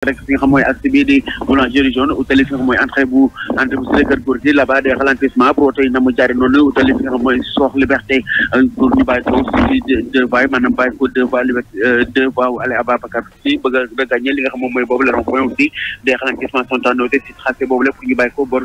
rek fi nga xam a accès bii di boulangerie jaune utali fi nga bu entrée bu yi na mu jaari noonu utali fi nga xam mooy soox liberté euh, pour ñu bàyyi ko si deux ko deux voies liberté euh, deux voies si a ko booru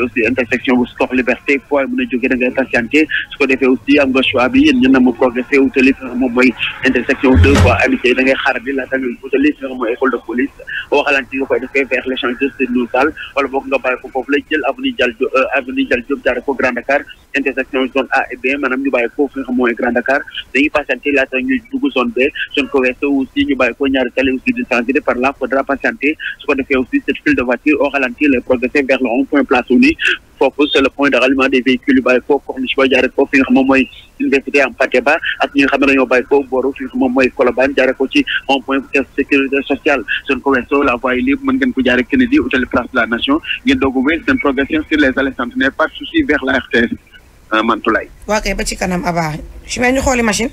aussi intersection bu soox liberté fooy mën a jógee da ngay patienté su ko defee aussi am nga bi yéen ñu na mu progressé utali fi nga xam moom mooy intersection deux voies amitié da ngay xaar bi laata nga utali fi nga xam mooy école de police boo xalaat nga koy defee vers l'échange de Lour Sall wala boog nga bàyyi ko foofu lay jël avenue Dial Diop euh, avenue Dial Diop jaare ko Grand Dakar intersection zone A et B maanaam ñu bàyyi ko fi nga xam mooy Grand Dakar dañuy patienter laata ñu dugg zone B zone ko weesoo aussi ñu bàyyi ko ñaari tali aussi distancé par là faudra patienter su ko defee aussi cette file de voiture au ralenti les progresser vers le rond-point Place Ouly foofu c'est le point de ralliement des véhicules yu bàyyi ko corniche ba jaare ko fi nga xam moom mooy université am Pateba ak ñi nga xam ne dañoo bàyyi ko booru fi nga xam moom mooy Colobane jaare ko ci rond point caisse sécurité sociale zone ko weesoo la voie libre mën ngeen ko jaare Kennedy hôtel Place de la Nation ngeen doogu wéy seen progression sur les allées centenaires par souci vers la RTS Ah, Mantoulaye. waaw kay ba ci kanam Aba su ñu xooli machine.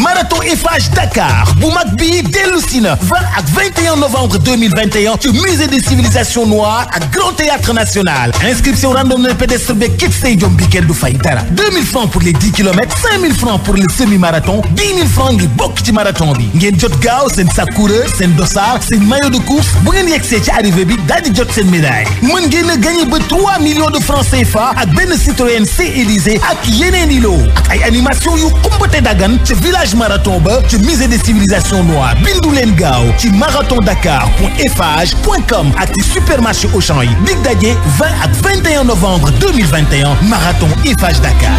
marathon Eiffage Dakar bu mag bi dellu si na 20 ak novembre 2021 musée des civilisations noires ak grand théâtre national inscription randonnée pédestre be kit stadium bi kenn du fay dara francs pour les kilomètres francs pour le semi-marathon 10 000 francs ngi bokk ci marathon bi ngeen jot gaaw seen sac coureur seen dossard seen maillot de course bu ngeen yegsee ci arrivée bi daal di jot seen médaille mën ngeen a gagné ba 3 millions de francs CFA ak ak yeneen i loo ak stage marathon ba ci musée des civilisations noires bindu leen marathon Dakar point com ak supermarché Auchan yi dig daje 20 ak novembre marathon Eiffage Dakar.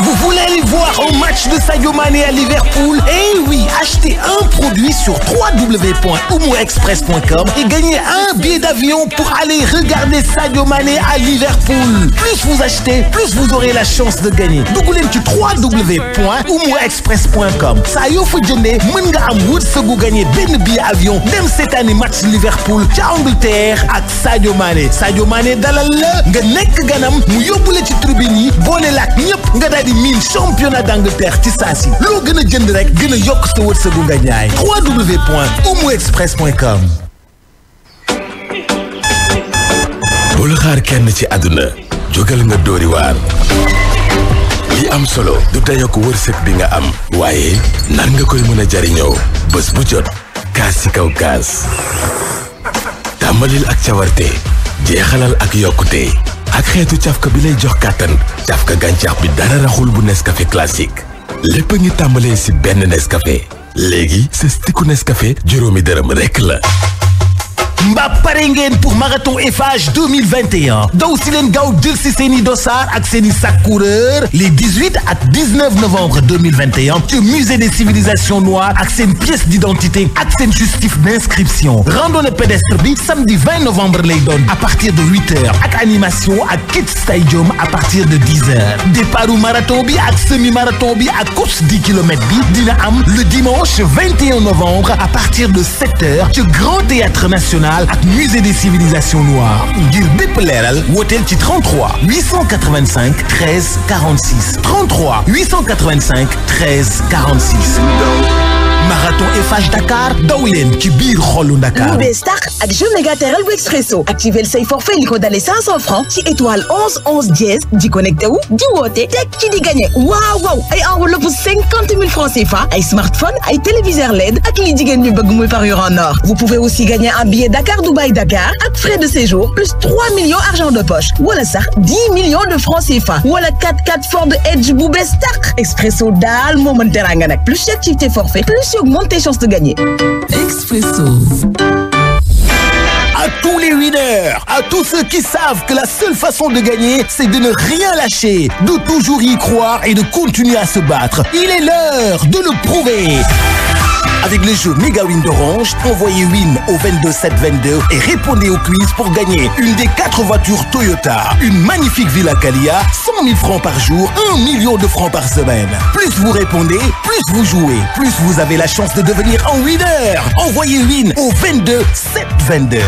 Vous voulez aller voir un match de Sadio Mané à Liverpool? Eh oui, achetez un produit sur www.oumouexpress.com et gagnez un billet d'avion pour aller regarder Sadio Mané à Liverpool. Plus vous achetez, plus vous aurez la chance de gagner. Dugg leen ci www.oumouexpress.com. Saa yoo fa jëndee mën nga am wërsëgu gagner benn billet avion dem cette année match Liverpool ca Angleterre ak Sadio Mané. Sadio Mané dalal la nga nekk ganam mu yóbbu la ci tribune yi boole la ak ñëpp nga daal di gën a jënd rek gën a yokk sa wërsëgu nga bul xaar kenn ci àdduna jógal nga dóori li am solo du dayok wërsëg bi nga am waaye nan nga koy mën a jariñoo bés bu jot kaas ci kaw kaas tàmbalil ak cawarte jeexalal ak yokkute ak xeetu cafka bi lay jox kàttan cafka gàncax bi dara raxul bu Nescafé classique lépp ngi tàmbalee si benn Nescafé léegi sa stiku Nescafé juróomi dërëm rekk la mbaa pare ngeen pour marathon Eiffage 2021 daw si leen gaaw jël si seen i dossard ak seen i sac coureur les 18 ak 19 novembre 2021 ci musée des civilisations noires ak seen pièce d'identité ak seen justif d'inscription randonnée pédestre bi samedi 20 novembre lay doon à partir de 8 heures ak animation ak Kids Stadium à partir de 10 heures départu marathon bi ak semi marathon bi ak course 10 kilomètres bi dina am le dimanche 21 novembre à partir de 7 heures ci Grand Sénégal ak musée des civilisations noires ngir bépp leeral wooteel ci 33 885 13 46 33 885 13 46 marathon Eiffage Dakar daw leen ci biir xolu Dakar. ak jeu méga teral bu Expresso activel say forfait li ko francs ci étoile di connecté wu di woote teg ci di gagné waaw waaw ay enveloppe 50 000 francs CFA ay smartphone ay téléviseur LED ak li jigéen ñi bëgg muy parure en or. vous pouvez aussi gagner un billet Dakar Dubaï Dakar ak frais séjour plus 3 millions argent de poche wala sax 10 millions de francs CFA wala 4 4 Ford Edge bu bees tax aussi augmente tes chances de gagner. Expresso. À tous les winners, à tous ceux qui savent que la seule façon de gagner, c'est de ne rien lâcher, de toujours y croire et de continuer à se battre. Il est l'heure de le prouver. Avec le jeu Mega d'Orange, envoyez Win au et répondez au quiz pour gagner une des quatre voitures Toyota, une magnifique Villa Calia, francs par jour, 1 million de francs par semaine. Plus vous répondez, plus vous jouez, plus vous avez la chance de devenir un winner. Envoyez Win au 22722.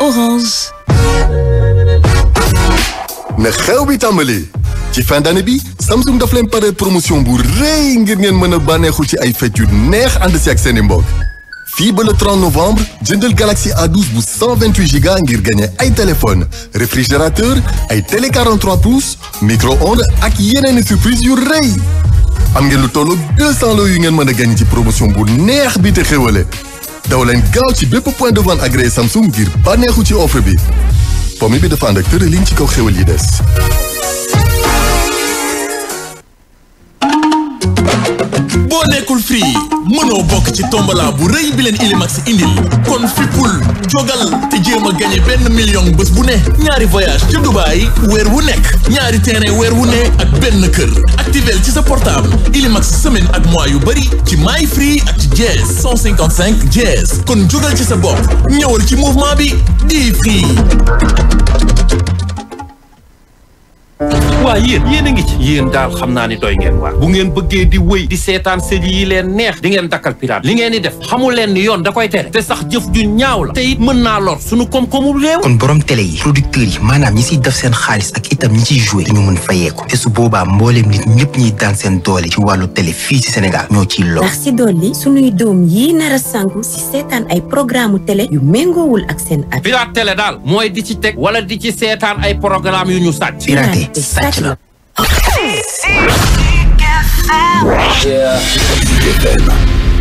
Orange. ci fin d'année bi Samsung daf leen pare promotion bu rëy ngir ngeen mën a bànneexu ci ay fête yu neex ànd si ak seen i mbokk fii ba le 30 novembre jëndal Galaxy A12 bu 128 giga ngir gagné ay téléphone réfrigérateur ay télé 43 pouces micro-ondes ak yeneeni surprise yu rëy am ngeen lu tollu 200 yu ngeen mën a gagné ci promotion bu neex bi te xéwale daw leen gaaw ci bépp point de vente agréé Samsung ngir bànneexu ci offre bi pomme bi dafa ànd ak tërëlin ci kaw xéwal yi des boo nekkul free mënoo bokk ci tombola bu rëy bi leen Ilimax indil kon fippul jogal te jéem a gagné benn million bés bu ne ñaari voyage ca Dubaay weer wu nekk ñaari terrain weer wu ne ak benn kër activel ci sa portable Ilimax semaine ak mois yu bëri ci my free ak ci Jazz 155 Jazz kon jogal ci sa bopp ñëwal ci mouvement bi di free waa yéen yéen a ngi ci yéen daal xam naa ni doy ngeen waar bu ngeen bëggee di wéy di seetaan série yi leen neex di ngeen dakkal piraat li ngeen di def xamul leen yoon da koy tere te sax jëf ju ñaaw la te it mën naa lor suñu koom-koomu réew kon borom télé yi producteurs yi maanaam ñi ciy def seen xaalis ak itam ñi ciy joué dañu mën fayeeku te su boobaa mbooleem nit ñëpp ñiy daan seen doole ci wàllu télé fii ci Sénégal ñoo ciy lor ndax si dolli suñuy doom yi nar a programme télé yu méngoowul ak seen mooy di ci teg wala di ci seetaan ay programme yu ñu sàcc Dispatch-moi. Yeah.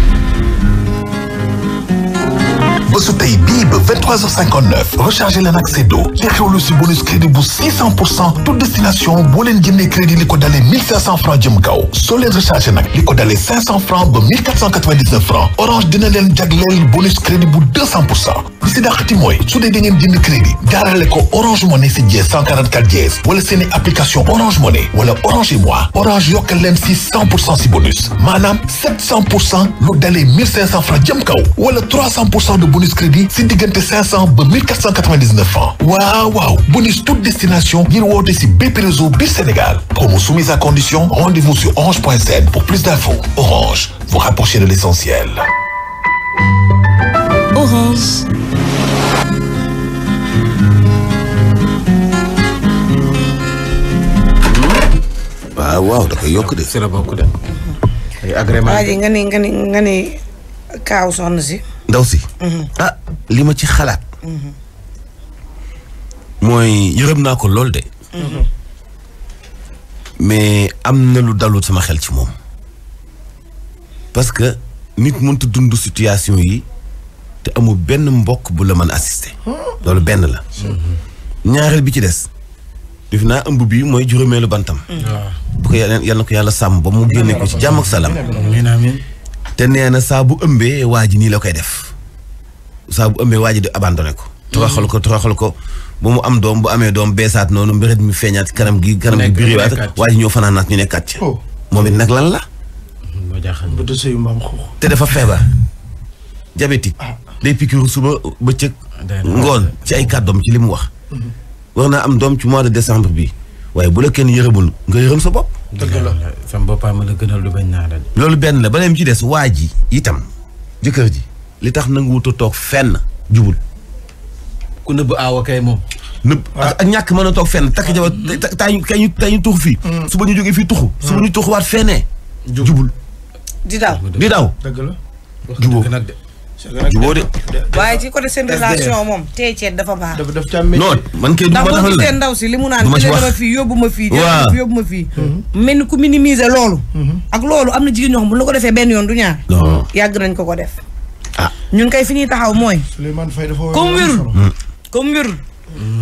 bésu tey bii ba 23h59 rechargé leen ak bonus crédit bu 600 pour cent toute destination boo leen crédit li ko francs jëm kaw soo leen rechargé nag li ko francs ba 1499 francs orange dina leen jagleel bonus crédit bu 200 pour cent li si dàqati mooy su dee da crédit jaarale orange money si jees 144 jees wala seeni application orange money wala orange et moi orange yokkal bonus crédit si diggante 500 ba 1499 francs waaw waaw bonus toute destination ngir woote si bépp réseau Sénégal promo soumise à condition rendez-vous sur orange.sn pour plus d'infos Orange vous rapprochez l'essentiel Orange waaw ah, waaw dafay yokk de. si la de. ay agrément. waa ji nga ne ne si. ndaw si. Mhm. ah li ma ci xalaat. Mhm. mooy yërëm naa ko lool de. Mhm. mais am na lu dalut sama xel ci moom parce que nit mënta dund situation yi te amul benn mbokk bu la man assister. Oh. loolu benn la. ñaareel bi ci des. def naa ëmb bii mooy juróomeelu bantam. bu ko yàlla ko yàlla sàmm ba mu génne ko ci jàmm ak salaam. te nee na saa bu ëmbee waa ji nii la koy def. saa bu ëmbee waaj ji di abandonné ko. toroxal ko toroxal ko ba mu am doom bu amee doom beesaat noonu mbir mu feeñaat kanam gi. kanam gi biir waat waa ji fanaanaat ñu nekkaat ci. Oh. moom it nag lan la. te dafa feebar. diabétique ah. day piqûre ba bëccëg. ngoon ci ay kàddoom ci li mu wax. Mm-hmm. war naa am doom ci mois de décembre bi waaye bu la kenn yërëmul nga yërëm sa bopp. dëgg la sama boppam la gënal lu bañ naa la. loolu benn la ba leen ci des waa ji itam jëkkër ji. li tax nanguwut a toog fenn jubul. ku nëbb aawa kay moom. nëbb ah. ak ñàkk mën a toog fenn takk jabar mm. tay kay ñu tay ñu tuux fii. Mm. suba ñu jógee fii tuxu. suba mm. ñu tuxuwaat fenee. jubul di daaw di daaw. dëgg la jubóo jubóo de. waaye ci côté seen relation moom tey ceeb dafa baax. daf daf caa non man kay du ma taxal la ndaw si li mu naan. du ma ci wax fii yóbbu ma fii. waaw yóbbu ma fii. Mm-hmm. mel ni ku minimiser loolu. Mm-hmm. ak loolu am na jigéen ñoox xam bu ko defee benn yoon du ñaar. yàgg nañ ko ko def. Ah. ñun kay fi ñuy taxaw mooy. Souleymane Faye dafa comme wérul comme wérul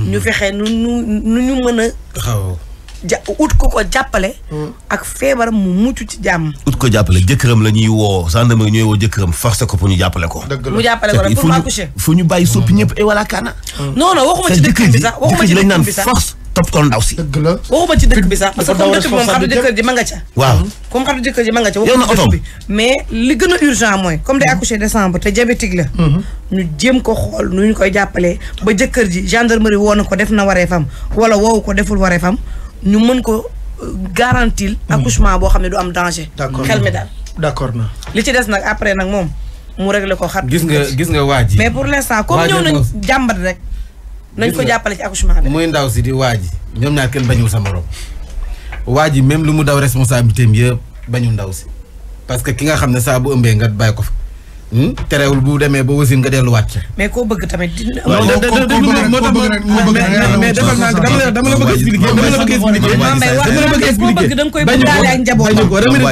ñu fexe nu ñu mën a. xaw ja ut ko ko jàppale. Hmm. ak feebaram mu mucc ci jàmm. ut ko jàppale jëkkëram la ñuy woo gendarmerie ñooy woo jëkkëram forcé ko pour ñu jàppale ko. mu jàppale ko rek pour mu accoucher. fu ñu bàyyi soppi ñëpp et wala kaana. Hmm. non non waxuma ci dëkk bi sax waxuma ci dëkk bi sax toppatoo ndaw si. la waxuma ci dëkk bi sax. parce que comme dëkk bi moom xam ne jëkkër ji ma nga ca. waaw comme xam jëkkër ji ma nga ca. yow na bi mais li comme day accouché décembre mhm. ko xool nu ñu koy jàppalee ba ko def na waree fam wala ko deful waree fam ñu mën ko euh, mhm. boo xam ne du am danger. d'accord xel mi daal. d'accord na ci des nag après nag moom mu réglé ko xat. gis nga gis nga waa ji mais pour l'instant comme ñëw nañ jàmbat rek nañ ko jàppale ci accouchement bi. muy ndaw si di waa ji ñoom ñaar kenn sa morom waa ji même lu mu daw responsabilité am yëpp bañu ndaw si parce que ki nga xam ne saa bu ëmbee nga bàyyi ko fa. Hmm? terewul bu demee ba wasin nga delluwaat mais koo bëgg tamit. waaw koo koo mais defal naa dama dama la bëgg expliquer dama la bëgg expliquer. dama la bëgg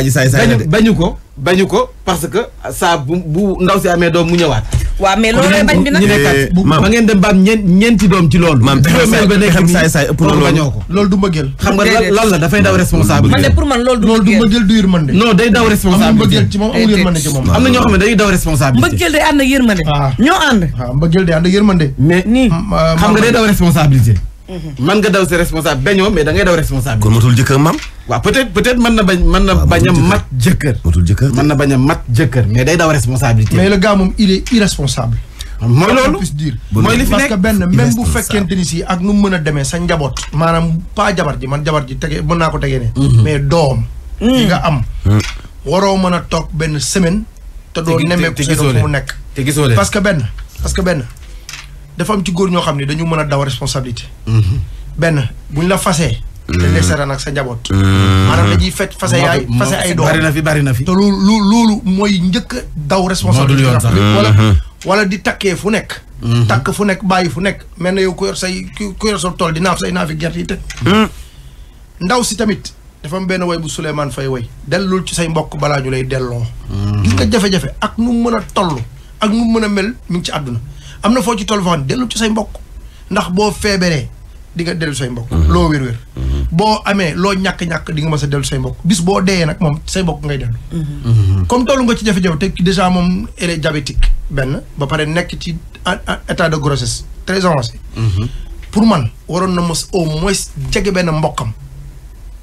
expliquer bañu ko bañu ko bañu ko bañu ko parce que saa bu bu ndaw si amee doom mu ñëwaat. waa mais looloo bañ eh, ngeen dem ba am ñeenti doom ci loolu. maam xam saay saay ëpp na loolu loolu du mbëggeel. xam nga lan la dafay daw responsable. man de pour man loolu du mbëggeel loolu du mbëggeel du day daw responsable amul am na ñoo xam ne day daw responsable. mbëggeel ah. ah, nii xam nga day daw responsabilité man nga daw sa responsable bañoo mais da ngay daw responsable. kon matul jëkkër maam. waaw peut-être peut na bañ a mat jëkkër. matul a mat jëkkër mais day daw responsabilité. mais le gars moom il est irresponsable. mooy loolu mooy li benn a demee sa njaboot. maanaam pas naa ko tegee ne. Mhm. mais doom. yi mhm. am. Mhm. waroo mën a toog benn semaine. te doo nemmeeku sa doom nekk. te gisoo leen parce parce que benn. dafa ci góor ñoo xam ne dañu mën a daw responsabilité. benn bu ñu la fasee. te mm. desera nag sa njaboot. Mm. maanaam dañuy fet fase ay doom bari fi bari na fi. loolu mooy njëkk daw responsabilité. wala mm-hmm. wala di takkee fu nekk. Mm-hmm. takk fu nekk bàyyi fu nekk mel na yow say ku yor tool di say naafi gerte yi mm. ndaw si tamit dafa benn way bu Souleymane fay way dellul ci say mbokk balaa ñu lay delloo. Mm-hmm. gis nga jafe-jafe ak nu mu mën a toll ak nu mu mën a mel mi ngi ci àdduna. am na foo ci toll foo xam ne dellu ci say mbokk ndax boo feebaree di nga dellu say mbokk mhm. loo wér wér mhm. boo amee loo ñàkk-ñàkk di nga mës a dellu say mbokk bis boo deeyee nag moom say mbokk ngay dellu mhm. comme toll nga ci jafe-jafe te déjà moom elle est diabétique benn ba pare nekk ci état de grossesse très avancé pour man waroon na mos au moins jege benn mbokkam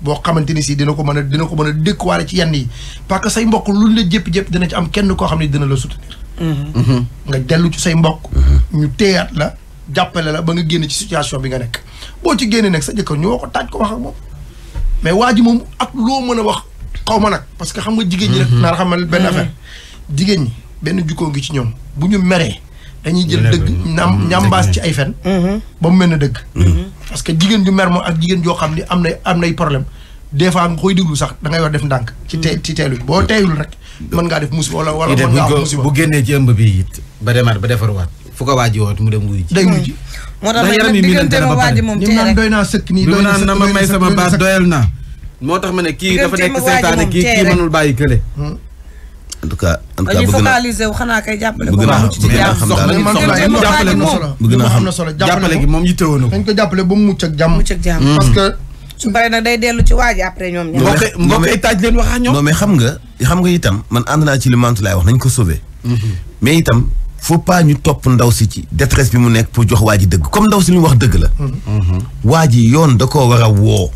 boo xamante ni si dina ko mën a dina ko mën a dékkuwaale ci yenn yi parce que say mbokk lu la jëpp-jëpp dina ci am kenn koo xam ne dina la soutenir mm-hmm. Mm-hmm. nga dellu ci say mbokk mm-hmm. ñu téyaat la jàppale la ba nga génn ci situation bi nga nekk boo ci génne nag sa jëkkër ñu ko taaj ko wax ak moom mais waa ji moom ak loo mën a wax xaw ma nag parce que xam nga jigéen ñi rek naa xamal benn affaire jigéen ñi benn jukkoo ngi ci ñoom bu ñu meree dañuy jël dëgg ñam ñambaas ci ay fen ba mu mel ne dëgg parce que jigéen ju mer moom ak jigéen joo xam ne am na am nay problème des fois nga koy déglu sax da ngay war def ndànk. ci tee ci teelu boo mm-hmm. teeyul rek. mën ngaa def musiba wala wala mën ngaa am musiba bu génnee ci ëmb bi it. ba demaat ba defarwaat fu ko waaj woot mu dem wuyu ji. day wuyu ji mm-hmm. moo tax nag diggante ma waaj moom tey rek doy naa sëkk nii doy naa sëkk na ma may sama baat doyal naa. moo tax ma ne kii dafa nekk seytaane kii kii mënul bàyyi kële. Mm-hmm. en tout cas en tout cas bëgg naa focaliser wu xanaa kay jàppale ko. bëgg naa xam daal bëgg naa xam daal jàppale gi moom yittewoo na ko. dañ ko jàppale ba mu mucc ak jàmm. parce que su paree nag day dellu ci waaj après ñoom ñaar. mbokk mbokk taaj leen wax ak ñoom. non mais xam nga xam nga itam man ànd naa ci li Mantoulaye wax nañ ko sauver. Mm-hmm. mais itam faut pas ñu topp ndaw si ci détresse bi mu nekk pour jox waa ji dëgg comme ndaw si wax dëgg la. Mm-hmm. waa ji yoon da koo war a woo.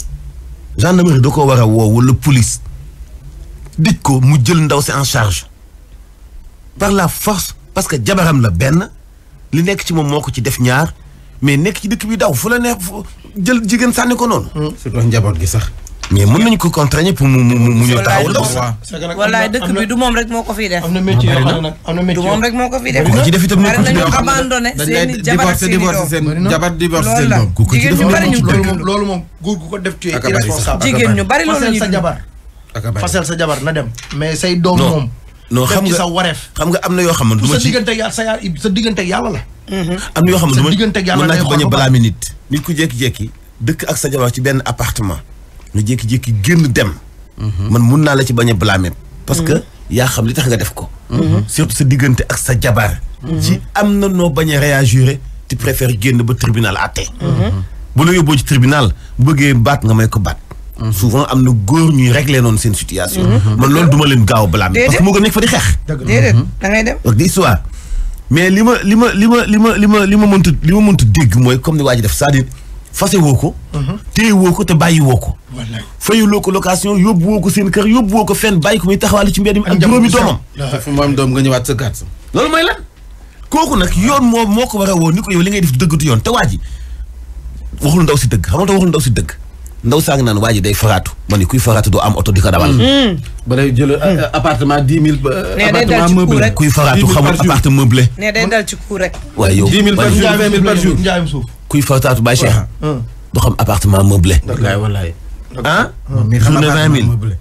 gendarmerie da ko war a woo wala police. dij ko mu jël ndaw si en charge. par la force parce que jabaram la benn li nekk ci moom moo ko ci def ñaar. mais nekk ci dëkk bi daw fu la neex jël jigéen sànni ko noonu. Hmm. surtout njaboot gi sax. mais mën nañu ko contraigner pour mu mu mu ñëw taawul am na métier yoo xam ne am na moom rek moo ko fiy def. ku ci def itam nekkul ci ñoom abandonné seen na say doom moom. non xam nga sa wareef. xam nga am na yoo xam ne du ma ci sa diggante yàlla la Mm-hmm. am na yoo xam ne ko bañ a balaa mi dëkk ak sa jabar ci benn appartement nga jékki-jékki génn dem. Mm-hmm. man mun naa la ci bañ a parce que mm-hmm. yaa xam li tax nga def ko. surtout sa diggante ak sa jabar. ci am na noo bañ a réagir tu génn ba tribunal àtte. bu la yóbboo ci tribunal bu bëggee baat nga may ko baat. souvent am na góor ñuy régler noonu seen situation. man loolu duma leen gaaw a blâmer. parce que nekk fa di xeex. di histoire. mais li ma li ma li ma li ma li ma li ma mënta li ma mënta dégg mooy comme ni waa ji def cest fase woo ko. Mhm. téye woo ko te bàyyi woo ko. wallaay fayuloo ko location yóbbu woo ko seen kër yóbbu woo ko fenn bàyyi ko muy taxawaale ci mbedd mi ak juróomi doomam. fu mu am doom nga ñëwaat sa gàtt. loolu mooy lan kooku nag yoon moo moo ko war woo ni ko yow li ngay def dëggatu yoon te waa ji waxul ndaw si dëgg xam nga waxul ndaw si dëgg. ndaw saa ngi naan waa ji day faraatu ma ne kuy faraatu doo am oto di ko dawal. Hmm. Hmm. ba day hmm. euh, euh, kuy faraatu xamul appartement meublé. ne day dal ci cour rek. waaye yow dix mille par jour vingt mille par kuy faraatu Baye Cheikh. xam appartement meublé. ah. journée vingt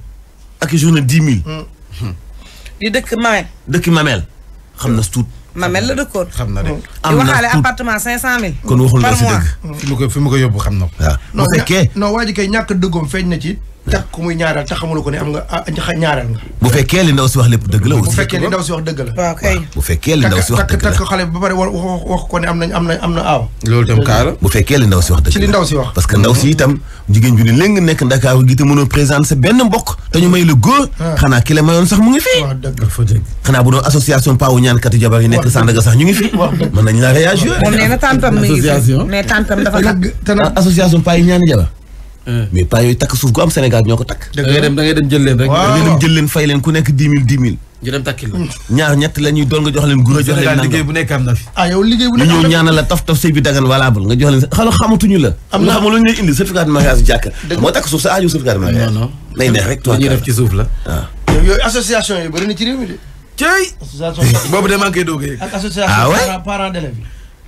ak journée dix mille. di dëkk Mamel. dëkk Mamel xam na tuut. ma mel la dëkkoon. xam na de am na waxaale appartement 500000. kon waxul la si dëgg. fi mu ko fi mu ko yóbbu xam na ko. waaw ah. bu fekkee non waa ji kay ñàkk dëggoom feeñ na ci. takk ku muy ñaareel te xamul ko ne am nga ah, ñaareel nga. bu fekkee li ndaw si wax lépp dëgg la. aussi am nañ am na am na aaw. loolu bu fekkee li si wax dëgg la ci li ndaw que ndaw si mhm. itam jigéen ju ne léegi nekk Ndakaaru gi te mënoo présenter ah. ki sax mu ngi fi. waaw dëgg la fa dëgg. xanaa bu doon association Paawu ñaankatu jabar yi nekk Sandaga sax ñu ngi fi. mën nañu laa réagir. moom nee na tantam association Paawu ñaan jabar Euh. mais pas yooyu takk suuf gu am Sénégal ñoo ko takk. da dem da rek. da dem jël fay leen ku nekk dix mille dix mille. ñu dem takkil hmm. la. ñaar nga jox leen gura ah, la nga jox ñu indi certificat de mariage jàkka. moo takk suuf sa aaju certificat de mariage. non neex rek. tuwaat ci suuf la waaw. Ah. yooyu association yi bëri na ci réew mi de. cey. boobu de maa ngi koy doog a yëg. ak association ah parents d'élèves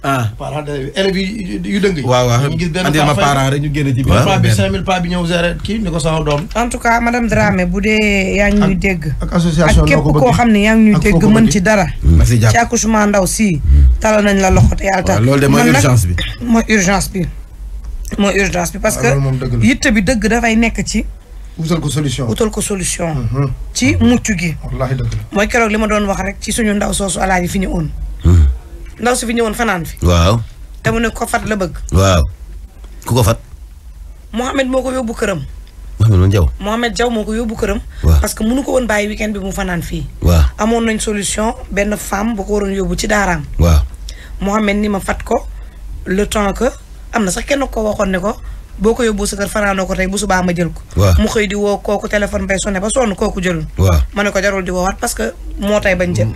ah parents d'élèves yu dëng yi. waaw waaw ñu gis benn parent rek ñu génn ci biir. bi 5000 kii ni ko sama doom. en tout cas madame Dramé bu dee yaa ngi dégg. ak képp koo xam ni yaa ngi ñuy dégg mën ci dara. Mm. ci accouchement ndaw si. talal nañ la loxo te yàlla tax. loolu de mooy urgence bi mooy urgence bi. mooy urgence bi parce que ah, yitte bi dëgg dafay nekk ci. utal ko solution utal ko solution. Mm-hmm. ci mucc gi. wallaahi dëgg la mooy keroog li ma doon wax rek ci suñu ndaw soosu alaaji fi ñu woon. Mm. ndaw su fi ñëwoon fanaan fi. waaw. te mu ne ko fat la bëgg. waaw ku ko fat. Mohamed moo ko yóbbu këram. Mohamed Jaw. Mohamed Jaw moo ko yóbbu këram. parce que mënu ko woon bàyyi weekend bi mu fanaan fii. waaw amoon nañ solution benn femme bu ko waroon yóbbu ci daaraam. waaw Mohamed ni ma fat ko le temps que am na sax kenn ko waxoon ne ko. boo ko yóbbu sa kër fanaanoo ko tey bu subaa ma jël ko. mu xëy di woo kooku téléphone bay sonné ba sonn kooku jël waaw ma ne ko jarul di woowaat parce que moo tay bañ jël.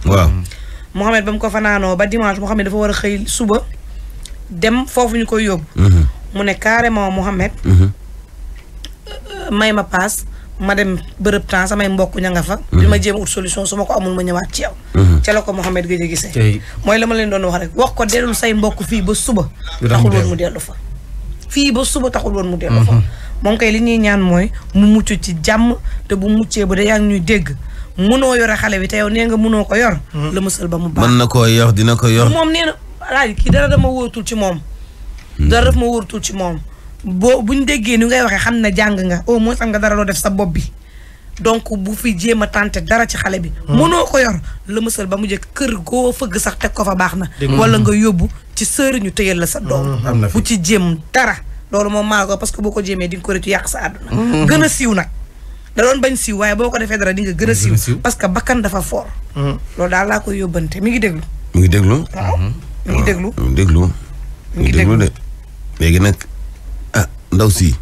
Mohamed ba mu ko fanaanoo ba dimanche Mohamed dafa war a xëy suba dem foofu ñu koy yóbbu. Mhm. mu ne carrément Mohamed. Mhm. Euh, may ma paas ma dem bërëb temps samay mbokk ña nga fa. Mhm. di ma jëm ut solution su ma ko amul ma ñëwaat ci yow. ca la ko Mohamed gëj a gisee. mooy la leen doon wax rek wax ko dellul say mbokk fii ba suba. taxul woon mu dellu fa. fii ba suba taxul woon mu dellu fa. moom kay li ñuy ñaan mooy mu mucc ci jàmm te bu muccee ba da yaa ngi ñuy dégg. mënoo yore xale bi te yow nee nga mënoo ko yor. Mm-hmm. la musal ba mu baax mën na koo yor dina ko yor. moom nee na alaaji kii dara dama wóorutul ci moom. Mm-hmm. dara daf ma wóorutul ci moom. boo buñ déggee ni ngay waxee xam ne jàng nga au moins am nga dara loo def sa bopp bi. donc bu fi jéem a tànte dara ci xale bi. mënoo mm-hmm. ko yor la musal ba mu jëkk kër goo fëgg sax teg ko fa baax na. wala nga yóbbu ci sëriñ ñu tëyal la sa doom. bu ci jéem dara. loolu moom maa ko parce que boo ko jéemee di nga ko rëccu yàq sa àdduna. gën a siiw nag. da bañ siiw waaye boo ko defee dara di nga gën a siiw parce que bakkan dafa fort hmm. loolu daal laa koy yóbbante mi ngi déglu mu ngi déglu waaw hmm. ngi déglu mi ngi mi ngi déglu de léegi nag ah ndaw si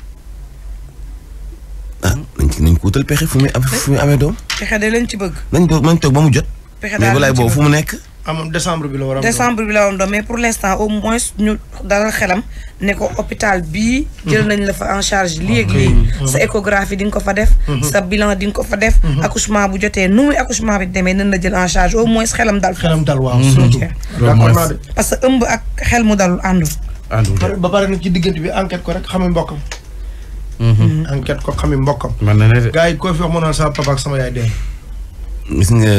ah hmm. ci nañ ko wutal pexe fu muy fu muy amee doom pexe de lañ ci bëgg nañ toog nañ ba mu jot pexe daal mais balaay boobu fu mu nekk am décembre bi la war a décembre la war a mais pour l' instant au moins ñu dara xelam ne ko hôpital bii. jël nañ la fa en charge léegi léegi. Mhm. sa échographie di nga ko fa def. Mhm. sa bilan di nga ko fa def. Mhm. accouchement bu jotee nu muy accouchement bi demee nañ la jël en charge au moins xelam dal. xelam dal waaw surtout. parce que ëmb ak xel mu dalul àndul. ba pare nag ci diggante bi enquête ko rek xamee mbokkam. enquête ko xamee mbokkam. man na ne de gars yi fi wax ma naan sama papa sama yaay dee. gis nga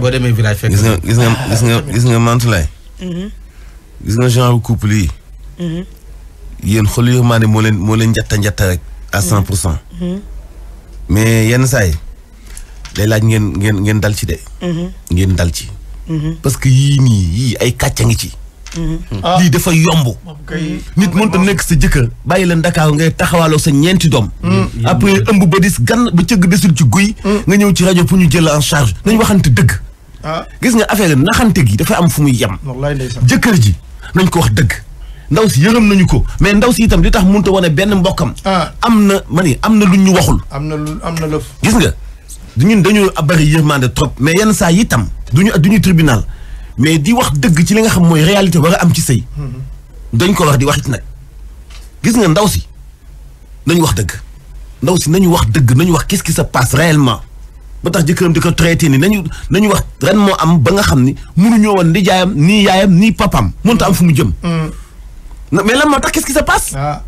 boo demee village fekk gis nga gis nga gis nga gis nga Mantoulaye. Mm-hmm. gis nga genre couple yi. Mm-hmm. yéen xool yoo xam ne moo leen moo leen njatta njatta rek à cent pour cent. Mm-hmm. mais yenn saa yi laaj ngeen dal ci de. ngeen dal ci. parce que yii nii yii ay kàcca ngi ci. Mm-hmm. lii dafa yomb. nit mënta nekk sa jëkkër bàyyi la ndakaaru ngay taxawaaloo sa ñeenti doom. Mm-hmm. après ëmb ba dis gan ba cëgg desul ci guy. Mm-hmm. nga ñëw ci rajo pour ñu jël en charge nañu waxante dëgg. Ah. gis nga affaire naxante gi dafa am fu muy yem. jëkkër ji nañ ko wax dëgg. ndaw si yërëm nañu ko mais ndaw si itam li tax mënut a benn mbokkam. Ah. am na ma ne am na luñ ñu waxul. am na lu am na lëf. gis nga ñun dañu bari yërmande trop mais yenn saa yi itam duñu duñu tribunal mais di wax dëgg ci li nga xam mooy réalité war a am ci sëy dañ ko wax di wax it nag gis nga ndaw si nañu wax dëgg ndaw si nañu wax dëgg nañu wax qu'est-ce qui se passe réellement ba tax jëkkëram di ko traité ni nañu nañu wax ren moo am ba nga xam ni mënuñoo woon di jaayam nii yaayam nii papam mënta am fu mu jëm mm. mais lan moo tax qu'est-ce qui se passe ah.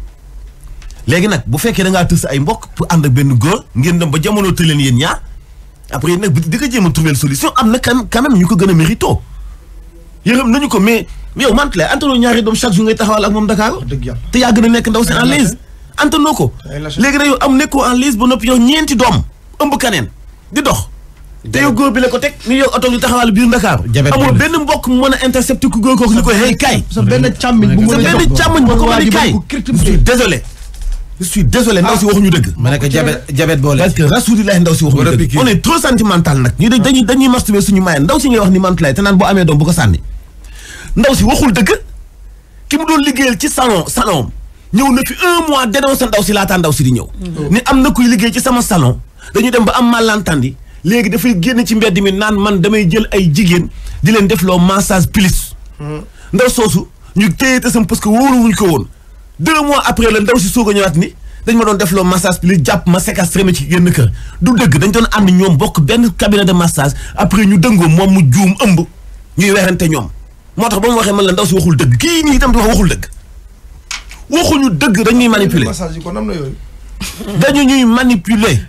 léegi nag bu fekkee da ngaa tës ay mbokk pour ànd ak benn góor ngeen dem ba jamono tëleen yéen ñaar après nag di ko jéem a trouver solution am na quand même ñu ko gën a mérito yërëm nañu ko mais yow man la antanoo ñaari doom chaque jour ngay taxawal ak moom Dakar te yaa gën a nekk ndaw si en l'aise antanoo ko léegi nag yow am nekkoo en l'aise ba noppi yow ñeenti doom ëmb kaneen di dox te yow góor bi la ko teg ni yow oto bi taxawal biir Dakar amul benn mbokk mu mën ku góor kooku ni ko hey kaay sa benn càmmiñ bu ko mën a kaay je suis désolé ndaw si ah. waxuñu dëgg. ma ne que rasulilah ndaw si waxuñu dëgg. nag. ñu dañuy dañuy masturbé suñu maye ndaw si ngay wax ni mantulaay te naan boo amee doom bu ko sànni. ndaw si waxul dëgg ki mu doon liggéeyal ci salon salon ñëw na fi un mois dénoncé ndaw si laataa ndaw si di ñëw. Mm. ni am na koy liggéey ci sama salon dañu dem ba am malentendu léegi dafay génn ci mbedd mi naan man damay jël ay jigéen di leen def loo massage plus. Mm. ndaw soosu ñu téye te sam parce que wóoruwuñ ko woon deux mois après la ndaw si soog a ñëwaat ni dañ ma doon def loo massage li ma séquestré ma ci génn kër dëgg dañ doon ànd ñoom bokk benn cabinet de massage après ñu dëngoo moom mu juum ëmb ñuy werante ñoom moo tax ba waxee man la ndaw si waxul dëgg kii nii itam di wax waxul dëgg waxuñu dëgg dañ ñuy manipuler dañu ñuy manipuler.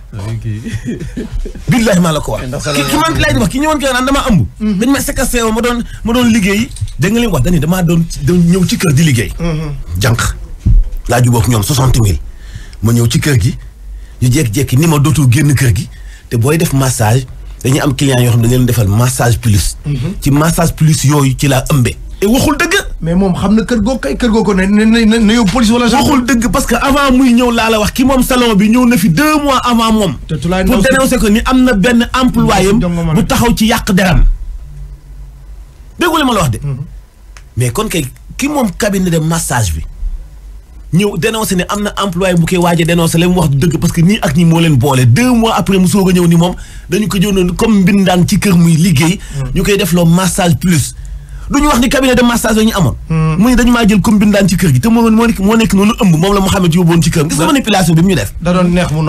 billahi maa la ko wax. ki ki man lay di wax ki ñëwoon kii naan dama ëmb. Mm-hmm. dañ ma séquestré ma doon ma doon liggéey. dégg nga li mu damaa doon doon ñëw ci kër di liggéey. Mm-hmm. jànq. laa jubóog ñoom soixante mille ma ñëw ci kër gi ñu jékki-jékki ni ma dootul génn kër gi te booy def massage dañu am client yoo xam ne dañu defal massage plus. Mhm. ci massage plus yooyu ci laa ëmbe te waxul dëgg. mais moom xam na kër googu kay kër googu ne ne ne yow police wala. waxul dëgg parce que avant muy ñëw laa la wax ki moom salon bi ñëw na fi deux mois avant moom. pour dénoncer ko ni am na benn employéem bu taxaw ci yàq deram déggu li ma la wax de. Mhm. mais kon kay ki moom cabinet de massage bi. ñëw dénoncé ne am na employé bu koy waaj a dénoncé la mu wax parce que nii ak ñi moo leen boole deux mois après mu soog a ñëw ni moom dañu ko hmm. wax ni cabinet de massage la ñu amoon. Hmm. mu ne dañu maa jël comme mbindaan ci kër gi te moo moo nekk moo nekk noonu ëmb moom la Mouhamed yóbboon ci këram. gis nga manipulation bi mu ñu def.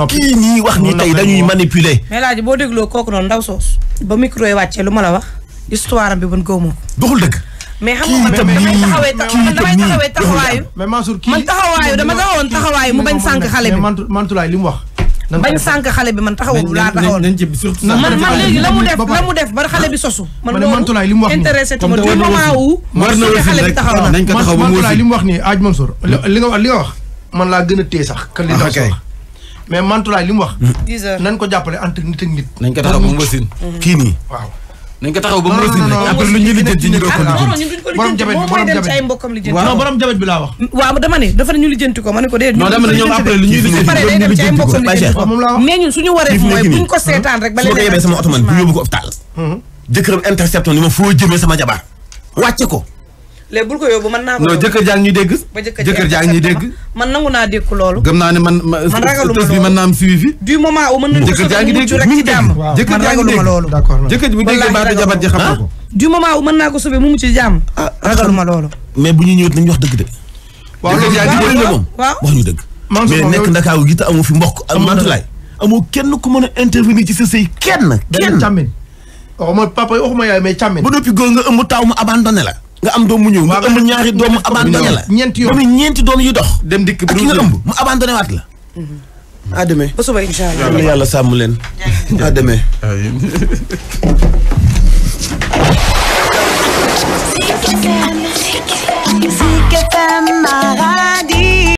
kii ñii wax ni tey dañuy manipuler. mais boo dégloo kooku noonu ndaw soos. ba micro yi wàccee lu ma la wax histoire bi man gëw ma ko. doxul dëgg mais xam nga man damay taxawee damay taxawee taxawaayu. mais Mansour kii man taxawaayu dama taxawoon taxawaayu mu xale bi. Mantulaay li mu man taxawu laa taxawoon. man man la mu def la xale bi sosu. man Mantulaay li mu wax nii intéressé tu ma du moment li wax nii aaj Mansour hmm. li nga wax li nga wax man laa gën a téye sax. Ah, kan li nga wax mais Mantulaay mu wax. Hmm. nañ ko jàppale entre nit ak nit. nañ ko taxaw ba mu hmm. kii nii nañ ko taxaw ba mu rësine après lu ñu lijjanti ñu doog ko lijjanti borom jabet bi borom jabet ay mbokkam waaw dama ne dafa ñu lijjanti ko ma ne ko déedéet non dama ne ñoom après lu ñuy lijjanti pare day dem ci ay mbokkam lijjanti ko mais ñun suñu waree mooy buñ ko seetaan rek ba leen ko yebee sama otoman bu yóbbu ko hôpital jëkkëram intercepté ni ma foo jëmee sama jabar wàcce ko léegi bul ko yóbbu mën naa ko. non jëkkër jaa ngi ñuy dégg. ba jëkkër jaa ngi ñuy dégg. man nangu naa dégg loolu. gëm naa ne man ma tës naa am suivi. du moment où ah? mu mucc rek man naa mu mucc jàmm. Ah, wax dëgg de. waaw loolu jaa ngi dégg moom wax ñu dëgg. mais nekk ndakaaru gi te amoo fi mbokk ak mantulaay amoo kenn ku mën a intervenir ci sa sëy kenn kenn waxuma papa waxuma yaay mais càmmin ba noppi góor nga ëmb taaw mu abandonné nga am doom mu ñëw nga ëmb ñaari doom mu abandonné la ñeenti yoon ñeenti doom yu dox dem dikk bi nga ëmb mu abandonné waat la mm-hmm. à demain ba suba incha allah yàlla sàmm leen à